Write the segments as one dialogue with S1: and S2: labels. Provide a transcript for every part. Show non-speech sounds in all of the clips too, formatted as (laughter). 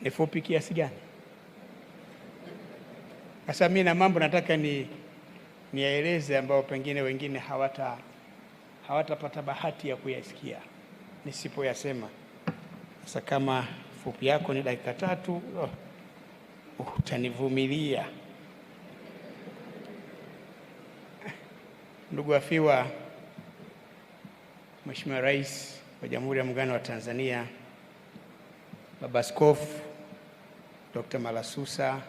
S1: ni fupi kiasi gani? Sasa mimi na mambo nataka ni niyaeleze ambao pengine wengine hawata hawatapata bahati ya kuyasikia nisipoyasema. Sasa kama fupi yako ni dakika tatu, oh, utanivumilia. (laughs) Ndugu afiwa, Mheshimiwa Rais wa Jamhuri ya Muungano wa Tanzania, Baba Askofu Dr. Malasusa,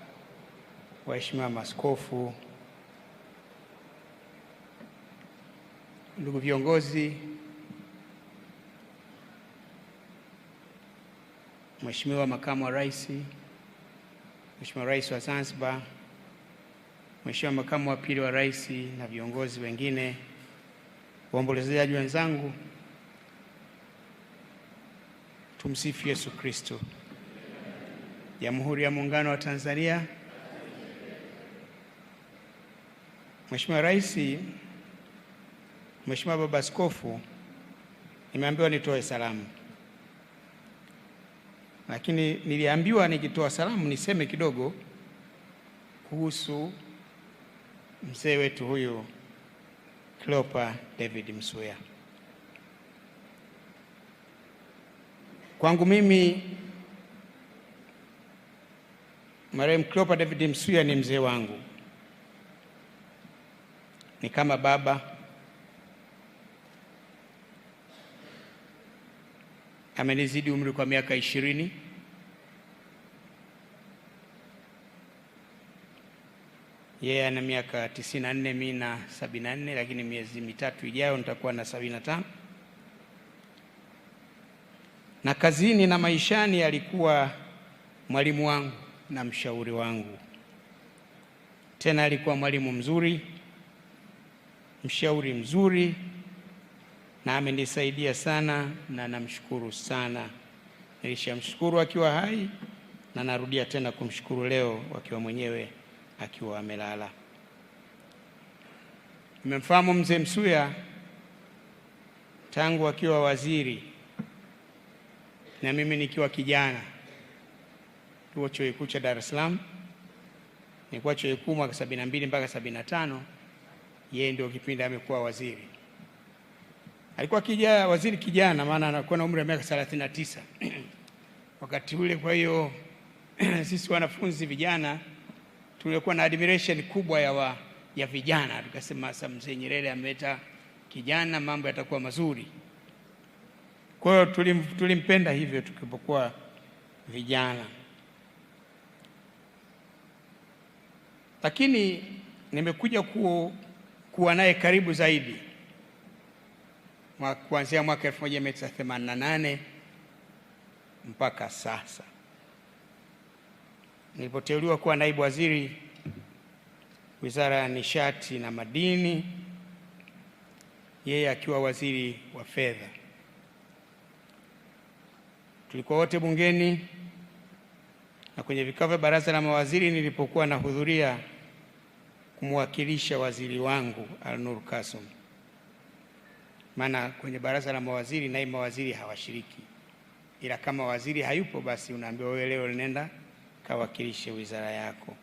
S1: waheshimiwa maskofu, ndugu viongozi, Mheshimiwa Makamu wa Rais, Mheshimiwa Rais wa Zanzibar, Mheshimiwa Makamu wa Pili wa Rais na viongozi wengine, waombolezaji wenzangu, tumsifu Yesu Kristo. Jamhuri ya Muungano wa Tanzania. Mheshimiwa Rais, Mheshimiwa Baba Askofu, nimeambiwa nitoe salamu, lakini niliambiwa nikitoa salamu niseme kidogo kuhusu mzee wetu huyu Cleopa David Msuya. Kwangu mimi Marehemu Cleopa David Msuya ni mzee wangu, ni kama baba. Amenizidi umri kwa miaka ishirini. Yeye yeah, ana miaka 94 mimi na 74, lakini miezi mitatu ijayo nitakuwa na 75. Na kazini na maishani alikuwa mwalimu wangu na mshauri wangu. Tena alikuwa mwalimu mzuri, mshauri mzuri, na amenisaidia sana na namshukuru sana. Nilishamshukuru akiwa hai na narudia tena kumshukuru leo akiwa mwenyewe akiwa amelala. Nimemfahamu mzee Msuya tangu akiwa waziri na mimi nikiwa kijana kituo chuo kikuu cha Dar es Salaam, nilikuwa chuo kikuu mwaka sabini na mbili mpaka sabini na tano yeye ndio kipindi amekuwa waziri. Alikuwa kija, waziri kijana, maana anakuwa na umri wa miaka thelathini na tisa (clears throat) wakati ule. Kwa hiyo (clears throat) sisi wanafunzi vijana tulikuwa na admiration kubwa ya, wa, ya vijana, tukasema sasa mzee Nyerere ameleta kijana, mambo yatakuwa mazuri. Kwa hiyo tulim, tulimpenda hivyo tukipokuwa vijana. lakini nimekuja ku, kuwa naye karibu zaidi kuanzia mwaka 1988 mpaka sasa. Nilipoteuliwa kuwa naibu waziri Wizara ya Nishati na Madini, yeye akiwa waziri wa fedha, tulikuwa wote bungeni na kwenye vikao vya baraza la mawaziri nilipokuwa nahudhuria kumwakilisha waziri wangu Alnur Kasum, maana kwenye baraza la mawaziri naye mawaziri hawashiriki, ila kama waziri hayupo, basi unaambiwa wewe leo nenda kawakilishe wizara yako.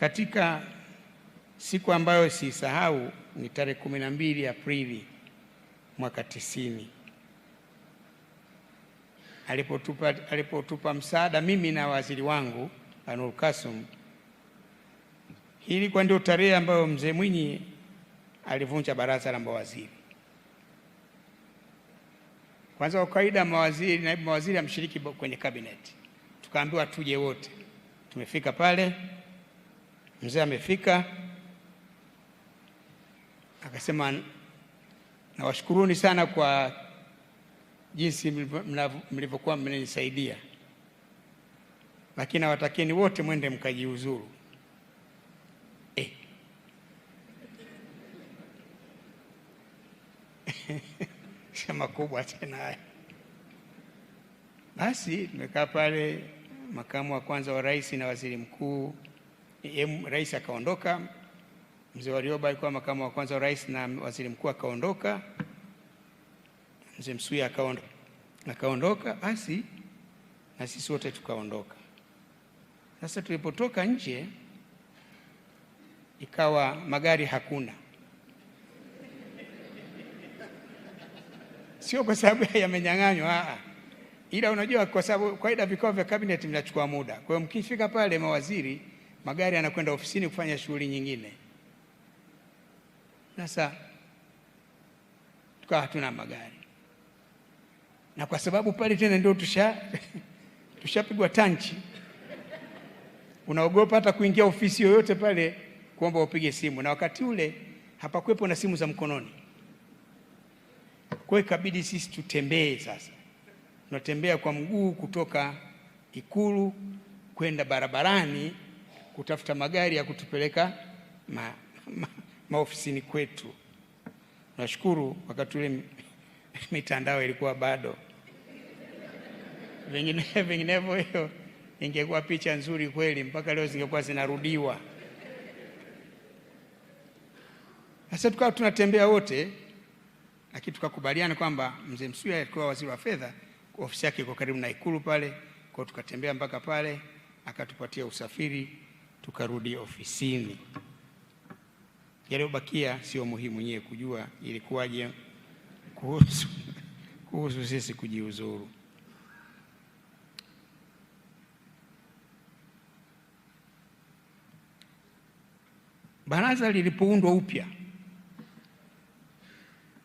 S1: Katika siku ambayo siisahau ni tarehe 12 Aprili mwaka tisini alipotupa, alipotupa msaada mimi na waziri wangu Anur Kasum. Hii ilikuwa ndio tarehe ambayo mzee Mwinyi alivunja baraza la mawaziri. Kwanza kwa kawaida mawaziri, naibu mawaziri amshiriki kwenye kabineti, tukaambiwa tuje wote. Tumefika pale, mzee amefika akasema, nawashukuruni sana kwa jinsi mlivyokuwa mmenisaidia, lakini nawatakieni wote mwende mkajiuzuru. Eh. Sema (laughs) kubwa tena haya. Basi tumekaa pale, makamu wa kwanza wa rais na waziri mkuu, rais akaondoka, mzee Warioba alikuwa makamu wa kwanza wa rais na waziri mkuu akaondoka Mzee Msuya akaondoka, basi na sisi wote tukaondoka. Sasa tulipotoka nje, ikawa magari hakuna, sio kwa sababu yamenyang'anywa, ila unajua, kwa sababu kawaida vikao vya kabineti vinachukua muda. Kwa hiyo mkifika pale mawaziri, magari yanakwenda ofisini kufanya shughuli nyingine. Sasa tukawa hatuna magari na kwa sababu pale tena ndio tusha (laughs) tushapigwa tanchi, unaogopa hata kuingia ofisi yoyote pale kuomba upige simu, na wakati ule hapakuwepo na simu za mkononi. Kwa hiyo ikabidi sisi tutembee. Sasa tunatembea kwa mguu kutoka Ikulu kwenda barabarani kutafuta magari ya kutupeleka ma, ma, maofisini kwetu. Nashukuru wakati ule (laughs) mitandao ilikuwa bado, (laughs) vinginevyo hiyo ingekuwa picha nzuri kweli, mpaka leo zingekuwa zinarudiwa. Sasa tukawa tunatembea wote, lakini tukakubaliana kwamba mzee Msuya alikuwa waziri wa fedha, ofisi yake iko karibu na Ikulu pale kwao, tukatembea mpaka pale, akatupatia usafiri tukarudi ofisini. Yaliyobakia sio muhimu nyewe kujua ilikuwaje kuhusu, (laughs) kuhusu sisi kujiuzuru. Baraza lilipoundwa upya,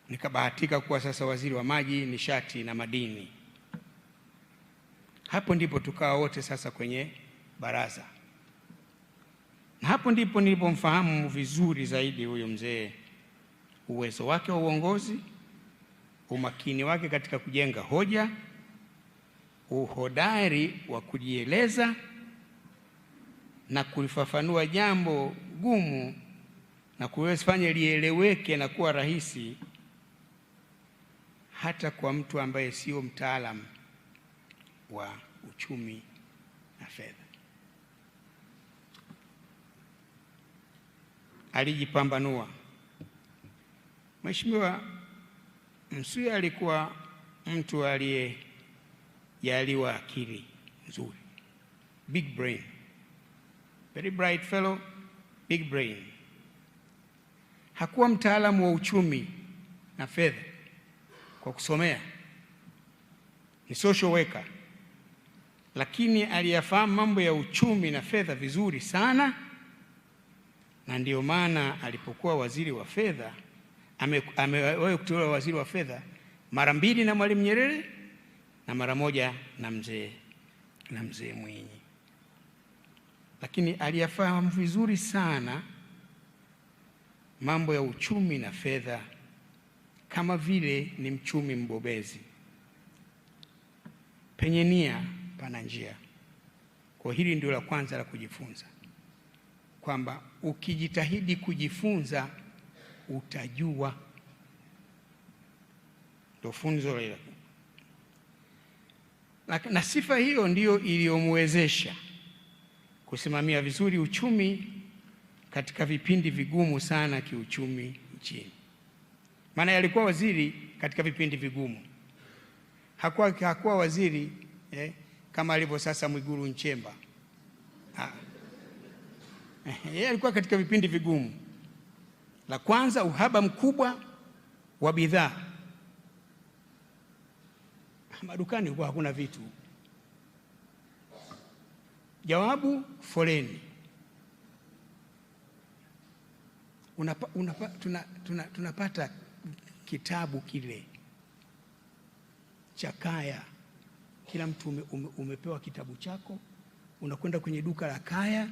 S1: nikabahatika kuwa sasa waziri wa maji, nishati na madini. Hapo ndipo tukawa wote sasa kwenye baraza, na hapo ndipo nilipomfahamu vizuri zaidi huyu mzee, uwezo wake wa uongozi umakini wake katika kujenga hoja, uhodari wa kujieleza na kulifafanua jambo gumu na kulifanya lieleweke na kuwa rahisi hata kwa mtu ambaye sio mtaalamu wa uchumi na fedha. Alijipambanua Mheshimiwa Msuya alikuwa mtu aliyejaliwa akili nzuri, big brain, very bright fellow, big brain. Hakuwa mtaalamu wa uchumi na fedha kwa kusomea, ni social worker, lakini aliyafahamu mambo ya uchumi na fedha vizuri sana, na ndiyo maana alipokuwa waziri wa fedha amewahi kuteuliwa waziri wa fedha mara mbili na Mwalimu Nyerere na mara moja na mzee na mzee Mwinyi, lakini aliyafahamu vizuri sana mambo ya uchumi na fedha kama vile ni mchumi mbobezi. Penye nia pana njia. Kwa hili ndio la kwanza la kujifunza, kwamba ukijitahidi kujifunza utajua. Ndio funzo na sifa hiyo ndiyo iliyomwezesha kusimamia vizuri uchumi katika vipindi vigumu sana kiuchumi nchini. Maana alikuwa waziri katika vipindi vigumu, hakuwa, hakuwa waziri eh, kama alivyo sasa Mwigulu Nchemba. Ah. (laughs) Yeye alikuwa katika vipindi vigumu. La kwanza, uhaba mkubwa wa bidhaa madukani, huko hakuna vitu. Jawabu, foleni. Unapa, unapa, tuna, tuna, tunapata kitabu kile cha kaya. Kila mtu ume, ume, umepewa kitabu chako, unakwenda kwenye duka la kaya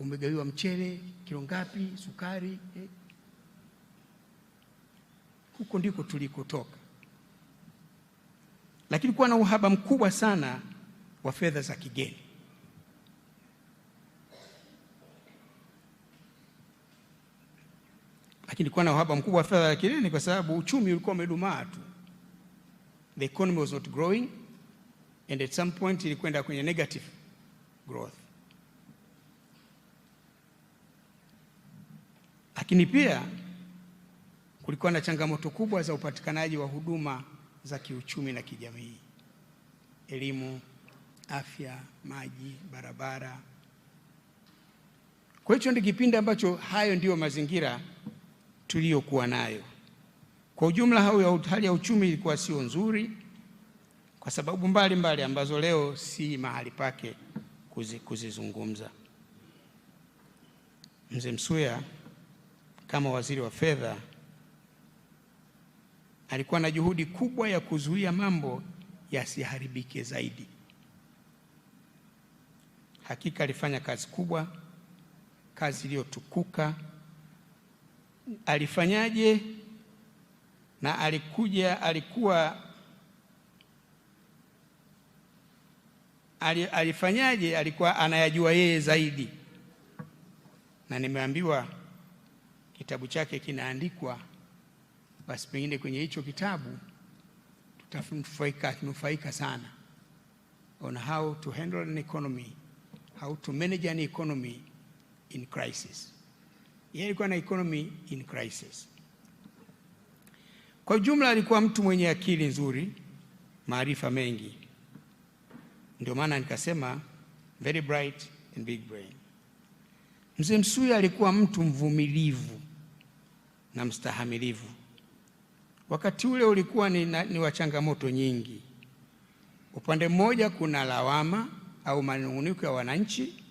S1: umegawiwa mchele kilo ngapi, sukari eh. Huko ndiko tulikotoka, lakini kuwa na uhaba mkubwa sana wa fedha za kigeni. Lakini kuwa na uhaba mkubwa wa fedha za kigeni kwa sababu uchumi ulikuwa umedumaa tu, the economy was not growing and at some point ilikwenda kwenye negative growth Lakini pia kulikuwa na changamoto kubwa za upatikanaji wa huduma za kiuchumi na kijamii: elimu, afya, maji, barabara. Kwa hicho ndio kipindi ambacho hayo ndiyo mazingira tuliyokuwa nayo kwa ujumla. Hali ya uchumi ilikuwa sio nzuri kwa sababu mbalimbali mbali ambazo leo si mahali pake kuzizungumza kuzi Mzee Msuya kama waziri wa fedha alikuwa na juhudi kubwa ya kuzuia mambo yasiharibike zaidi. Hakika alifanya kazi kubwa, kazi iliyotukuka. Alifanyaje? Na alikuja alikuwa alifanyaje? Alikuwa anayajua yeye zaidi, na nimeambiwa kitabu chake kinaandikwa, basi pengine kwenye hicho kitabu tutanufaika sana on how to handle an economy, how to manage an economy in crisis. Yeye alikuwa na economy in crisis. Kwa ujumla, alikuwa mtu mwenye akili nzuri, maarifa mengi, ndio maana nikasema very bright and big brain. Mzee Msuya alikuwa mtu mvumilivu na mstahamilivu. Wakati ule ulikuwa ni, ni wa changamoto nyingi. Upande mmoja kuna lawama au manunguniko ya wananchi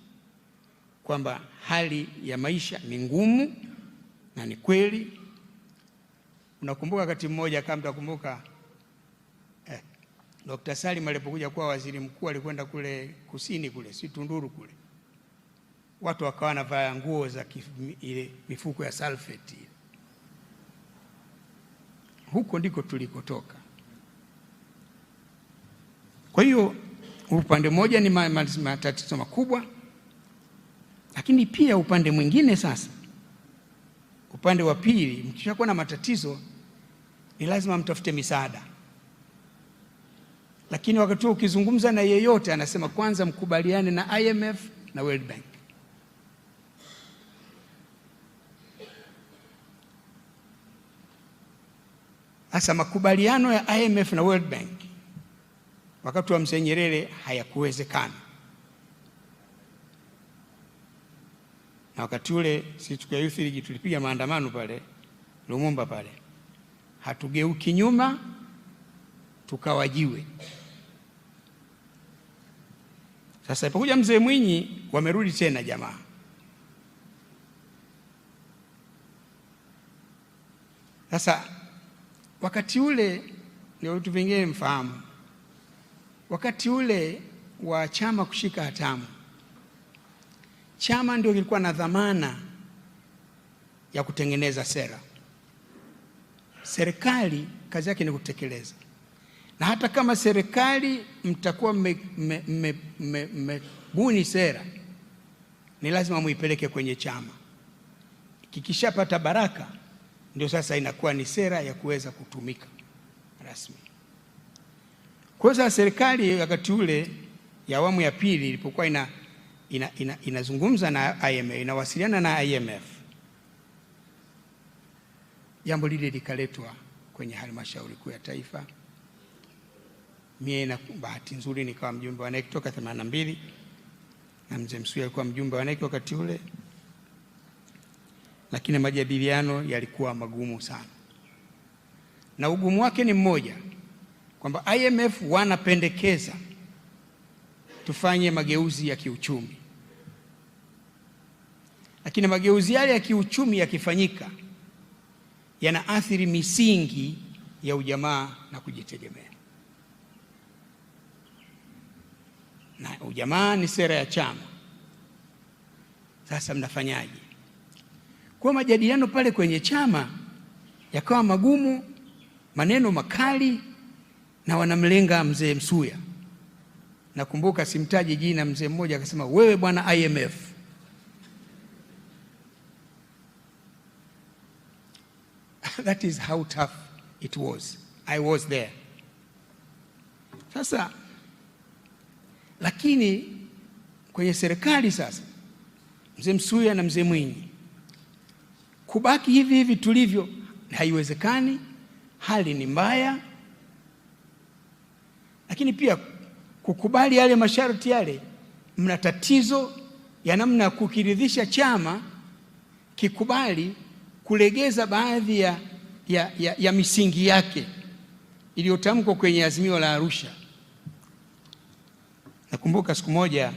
S1: kwamba hali ya maisha ni ngumu, na ni kweli. Unakumbuka wakati mmoja, kama mtakumbuka, eh, Dr. Salim alipokuja kuwa waziri mkuu alikwenda kule kusini kule, si Tunduru kule, watu wakawa wanavaa nguo za ile mifuko ya salfeti huko ndiko tulikotoka. Kwa hiyo upande mmoja ni matatizo makubwa, lakini pia upande mwingine sasa, upande wa pili, mkishakuwa na matatizo ni lazima mtafute misaada, lakini wakati huo ukizungumza na yeyote anasema kwanza mkubaliane na IMF na World Bank. Sasa makubaliano ya IMF na World Bank wakati wa mzee Nyerere hayakuwezekana, na wakati ule sisi tukiwa youth league tulipiga maandamano pale Lumumba pale, hatugeuki nyuma tukawajiwe. Sasa ipokuja mzee Mwinyi wamerudi tena jamaa sasa Wakati ule ni vitu vingine mfahamu, wakati ule wa chama kushika hatamu, chama ndio kilikuwa na dhamana ya kutengeneza sera. Serikali kazi yake ni kutekeleza, na hata kama serikali mtakuwa mmebuni sera, ni lazima muipeleke kwenye chama. Kikishapata baraka ndio sasa inakuwa ni sera ya kuweza kutumika rasmi. Kwa hiyo sasa serikali wakati ule ya awamu ya pili ilipokuwa ina inazungumza ina, ina na IMF inawasiliana na IMF, jambo lile likaletwa kwenye halmashauri kuu ya taifa. Mie na bahati nzuri nikawa mjumbe wa NEC toka 82 na mzee Msuya alikuwa mjumbe wa NEC wakati ule lakini majadiliano yalikuwa magumu sana, na ugumu wake ni mmoja kwamba IMF wanapendekeza tufanye mageuzi ya kiuchumi, lakini mageuzi yale ya kiuchumi yakifanyika yanaathiri misingi ya ujamaa na kujitegemea. Na ujamaa ni sera ya chama. Sasa mnafanyaje? Kwa majadiliano pale kwenye chama yakawa magumu, maneno makali, na wanamlenga mzee Msuya. Nakumbuka simtaji jina, mzee mmoja akasema, wewe bwana IMF. (laughs) That is how tough it was. I was there. Sasa lakini kwenye serikali sasa, mzee Msuya na mzee Mwinyi Kubaki hivi hivi tulivyo haiwezekani, hali ni mbaya. Lakini pia kukubali yale masharti yale, mna tatizo ya namna ya kukiridhisha chama kikubali kulegeza baadhi ya, ya, ya, ya misingi yake iliyotamkwa kwenye azimio la Arusha. Nakumbuka siku moja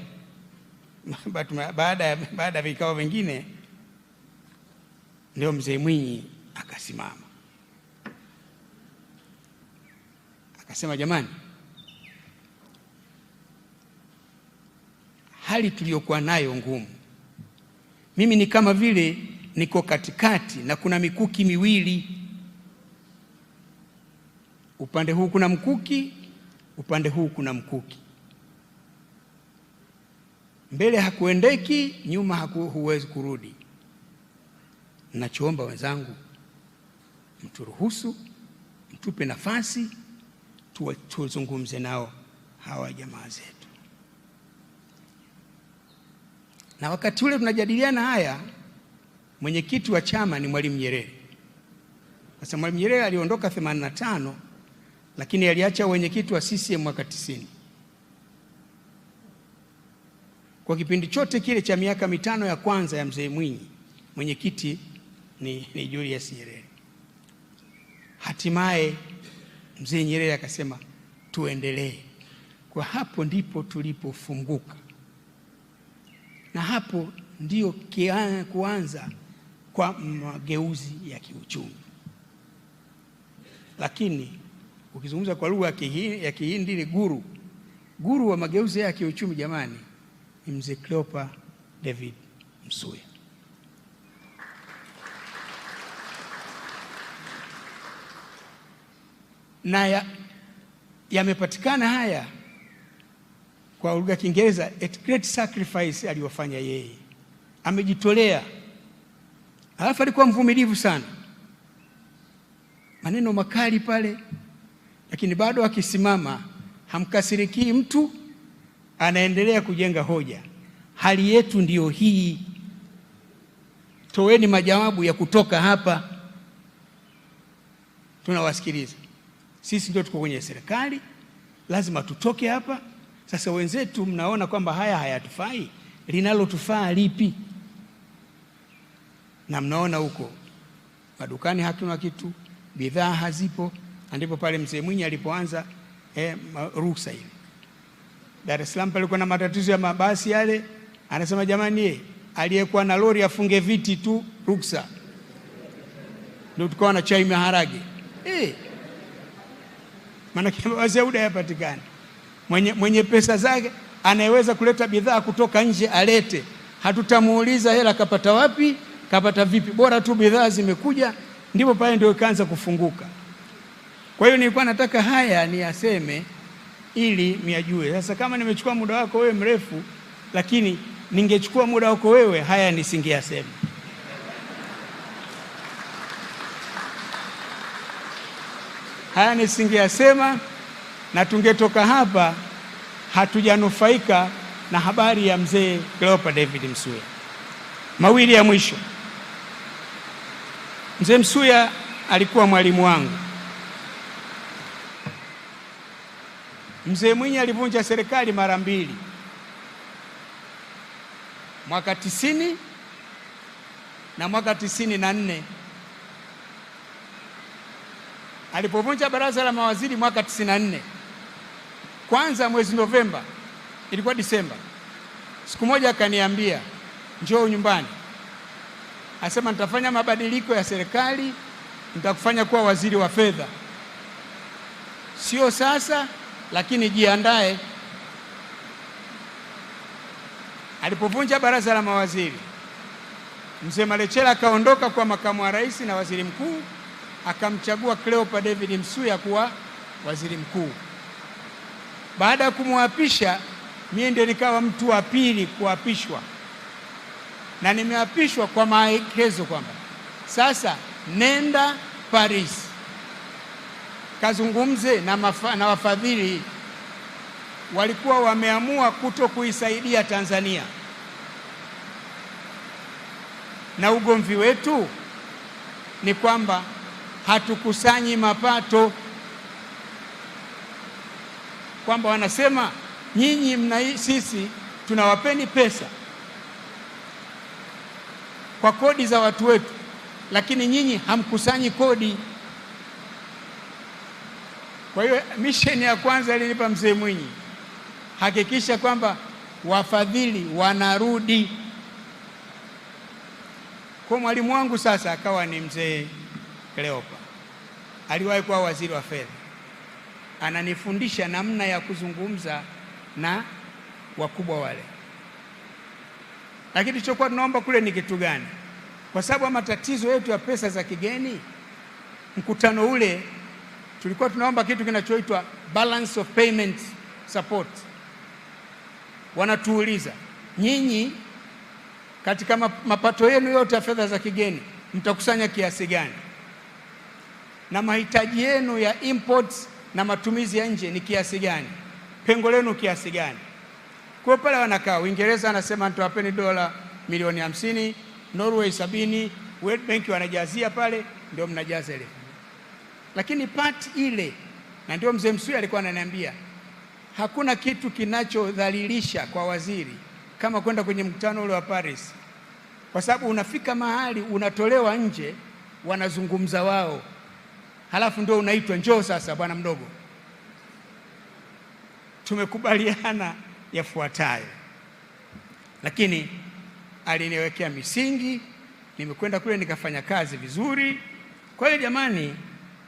S1: (laughs) baada ya baada ya vikao vingine ndio mzee Mwinyi akasimama akasema, jamani, hali tuliyokuwa nayo ngumu, mimi ni kama vile niko katikati na kuna mikuki miwili, upande huu kuna mkuki, upande huu kuna mkuki, mbele hakuendeki, nyuma haku, huwezi kurudi Nachoomba wenzangu, mturuhusu, mtupe nafasi tuzungumze nao hawa jamaa zetu, na wakati ule tunajadiliana haya, mwenyekiti wa chama ni Mwalimu Nyerere. Sasa Mwalimu Nyerere aliondoka 85 lakini aliacha wenyekiti wa CCM mwaka 90. Kwa kipindi chote kile cha miaka mitano ya kwanza ya mzee Mwinyi mwenyekiti ni, ni Julius Nyerere. Hatimaye mzee Nyerere akasema tuendelee. Kwa hapo ndipo tulipofunguka, na hapo ndio kuanza kwa mageuzi ya kiuchumi. Lakini ukizungumza kwa lugha ya Kihindi ni guru, guru wa mageuzi ya kiuchumi jamani, ni mzee Cleopa David Msuya. na yamepatikana ya haya kwa lugha ya Kiingereza, at great sacrifice aliyofanya yeye, amejitolea. Alafu alikuwa mvumilivu sana, maneno makali pale, lakini bado akisimama, hamkasirikii mtu, anaendelea kujenga hoja. Hali yetu ndiyo hii, toweni majawabu ya kutoka hapa, tunawasikiliza sisi ndio tuko kwenye serikali, lazima tutoke hapa. Sasa wenzetu, mnaona kwamba haya hayatufai, linalotufaa lipi? Na mnaona huko madukani hakuna kitu, bidhaa hazipo, ndipo pale mzee Mwinyi alipoanza eh, ruksa ile. Dar es Salaam palikuwa na matatizo ya mabasi yale, anasema jamani, ye eh, aliyekuwa na lori afunge viti tu, ruksa. Ndio tukawa na chai maharage eh maanake mavazi auda Mwenye, mwenye pesa zake anayeweza kuleta bidhaa kutoka nje alete, hatutamuuliza hela kapata wapi, kapata vipi, bora tu bidhaa zimekuja, ndipo pale ndio ikaanza kufunguka. Kwa hiyo nilikuwa nataka haya niyaseme ili miyajue. Sasa kama nimechukua muda wako wewe mrefu, lakini ningechukua muda wako wewe, haya nisingeyasema. haya nisingeyasema na tungetoka hapa hatujanufaika na habari ya mzee Cleopa David Msuya. Mawili ya mwisho, mzee Msuya alikuwa mwalimu wangu. Mzee Mwinyi alivunja serikali mara mbili, mwaka tisini na mwaka tisini na nne alipovunja baraza la mawaziri mwaka 94 kwanza mwezi Novemba, ilikuwa Disemba, siku moja akaniambia njoo nyumbani, asema nitafanya mabadiliko ya serikali, nitakufanya kuwa waziri wa fedha, sio sasa, lakini jiandae. Alipovunja baraza la mawaziri, mzee Malecela akaondoka kwa makamu wa rais na waziri mkuu akamchagua Cleopa David Msuya kuwa waziri mkuu. Baada ya kumwapisha, mimi ndio nikawa mtu wa pili kuapishwa, na nimeapishwa kwa maelekezo kwamba sasa nenda Paris kazungumze na, na wafadhili walikuwa wameamua kuto kuisaidia Tanzania na ugomvi wetu ni kwamba hatukusanyi mapato, kwamba wanasema nyinyi mna, sisi tunawapeni pesa kwa kodi za watu wetu, lakini nyinyi hamkusanyi kodi. Kwa hiyo misheni ya kwanza alinipa Mzee Mwinyi, hakikisha kwamba wafadhili wanarudi kwa mwalimu wangu. Sasa akawa ni Mzee Kleopa aliwahi kuwa waziri wa fedha, ananifundisha namna ya kuzungumza na wakubwa wale. Lakini tulichokuwa tunaomba kule ni kitu gani? Kwa sababu ya matatizo yetu ya pesa za kigeni, mkutano ule tulikuwa tunaomba kitu kinachoitwa balance of payment support. Wanatuuliza, nyinyi katika mapato yenu yote ya fedha za kigeni mtakusanya kiasi gani? na mahitaji yenu ya imports na matumizi ya nje ni kiasi gani, pengo lenu kiasi gani. Kwa pale wanakaa Uingereza anasema nitawapeni dola milioni hamsini, Norway sabini, World Bank wanajazia pale, ndio mnajaza ile. Lakini part ile, na ndio mzee Msuya alikuwa ananiambia hakuna kitu kinachodhalilisha kwa waziri kama kwenda kwenye mkutano ule wa Paris, kwa sababu unafika mahali unatolewa nje, wanazungumza wao halafu ndio unaitwa njoo sasa, bwana mdogo, tumekubaliana yafuatayo, lakini aliniwekea misingi, nimekwenda kule nikafanya kazi vizuri. Kwa hiyo jamani,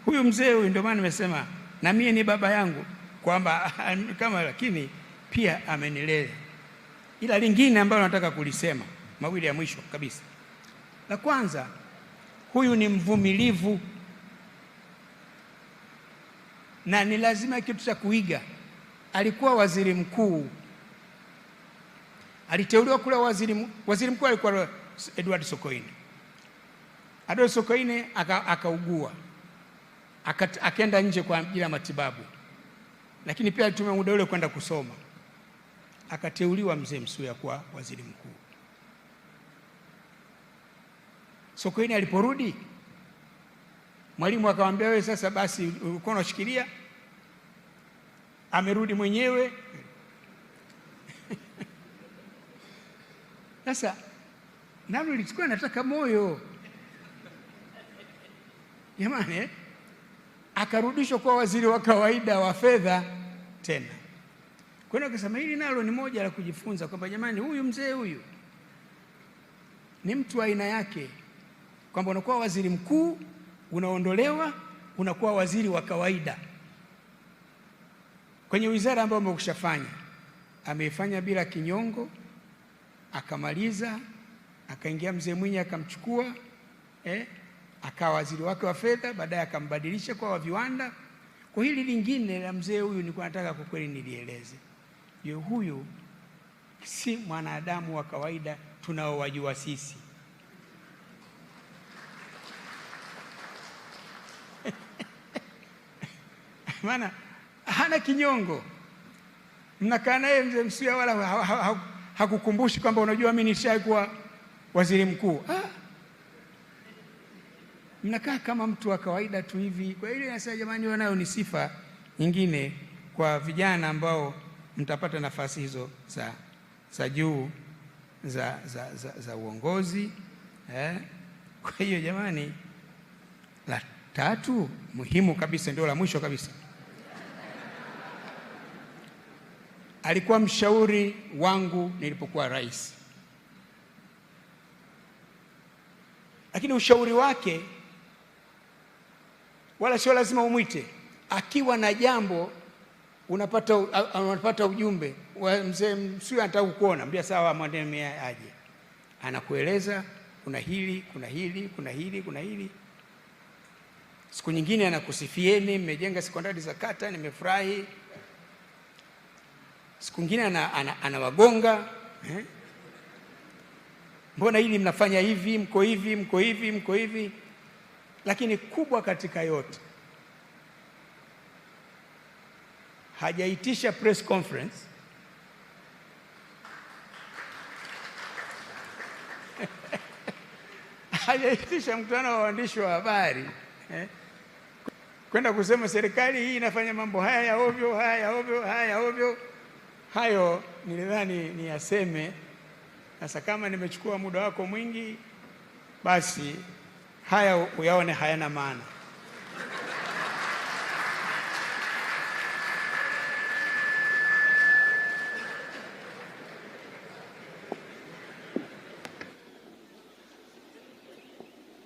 S1: huyu mzee huyu, ndio maana nimesema na mie ni baba yangu kwamba (laughs) kama, lakini pia amenilea. Ila lingine ambalo nataka kulisema, mawili ya mwisho kabisa. La kwanza, huyu ni mvumilivu na ni lazima kitu cha kuiga. Alikuwa waziri mkuu, aliteuliwa kula waziri, waziri mkuu alikuwa Edward Sokoine. Edward Sokoine akaugua aka akaenda nje kwa ajili ya matibabu, lakini pia alitumia muda ule kwenda kusoma. Akateuliwa mzee Msuya kuwa waziri mkuu. Sokoine aliporudi Mwalimu akamwambia wewe sasa basi ulikuwa unashikilia, amerudi mwenyewe. (laughs) Sasa nalo lilikuwa nataka moyo jamani, eh? Akarudishwa kwa waziri wa kawaida wa fedha tena. Kwa hiyo akasema hili nalo ni moja la kujifunza kwamba jamani, huyu mzee huyu ni mtu aina yake, kwamba unakuwa waziri mkuu unaondolewa, unakuwa waziri wa kawaida kwenye wizara ambayo umekushafanya Ameifanya bila kinyongo, akamaliza, akaingia Mzee Mwinyi akamchukua, eh, akawa waziri wake wa fedha, baadaye akambadilisha kwa wa viwanda. Kwa hili lingine la mzee huyu nilikuwa nataka kwa kweli nilieleze, je, huyu si mwanadamu wa kawaida tunaowajua sisi. maana hana kinyongo. Mnakaa naye mzee Msuya wala ha, ha, ha, hakukumbushi kwamba unajua mimi nishai kuwa waziri mkuu ah. Mnakaa kama mtu wa kawaida tu hivi. Kwa hiyo nasema jamani, hiyo nayo ni sifa nyingine kwa vijana ambao mtapata nafasi hizo za, za juu za, za, za, za uongozi eh. Kwa hiyo jamani, la tatu muhimu kabisa, ndio la mwisho kabisa alikuwa mshauri wangu nilipokuwa rais, lakini ushauri wake wala sio lazima umwite. Akiwa na jambo unapata, unapata ujumbe mzee Msuya anataka kukuona, mbia sawa, mwandeme aje, anakueleza kuna hili kuna hili kuna hili kuna hili. Siku nyingine anakusifieni, mmejenga sekondari za kata, nimefurahi siku nyingine anawagonga ana, ana eh? Mbona hili mnafanya hivi, mko hivi, mko hivi, mko hivi. Lakini kubwa katika yote hajaitisha press conference (laughs) hajaitisha mkutano wa waandishi wa habari eh? kwenda kusema serikali hii inafanya mambo haya ya ovyo, haya ya ovyo, haya ya ovyo. Hayo nilidhani niyaseme. Sasa kama nimechukua muda wako mwingi, basi haya uyaone hayana maana.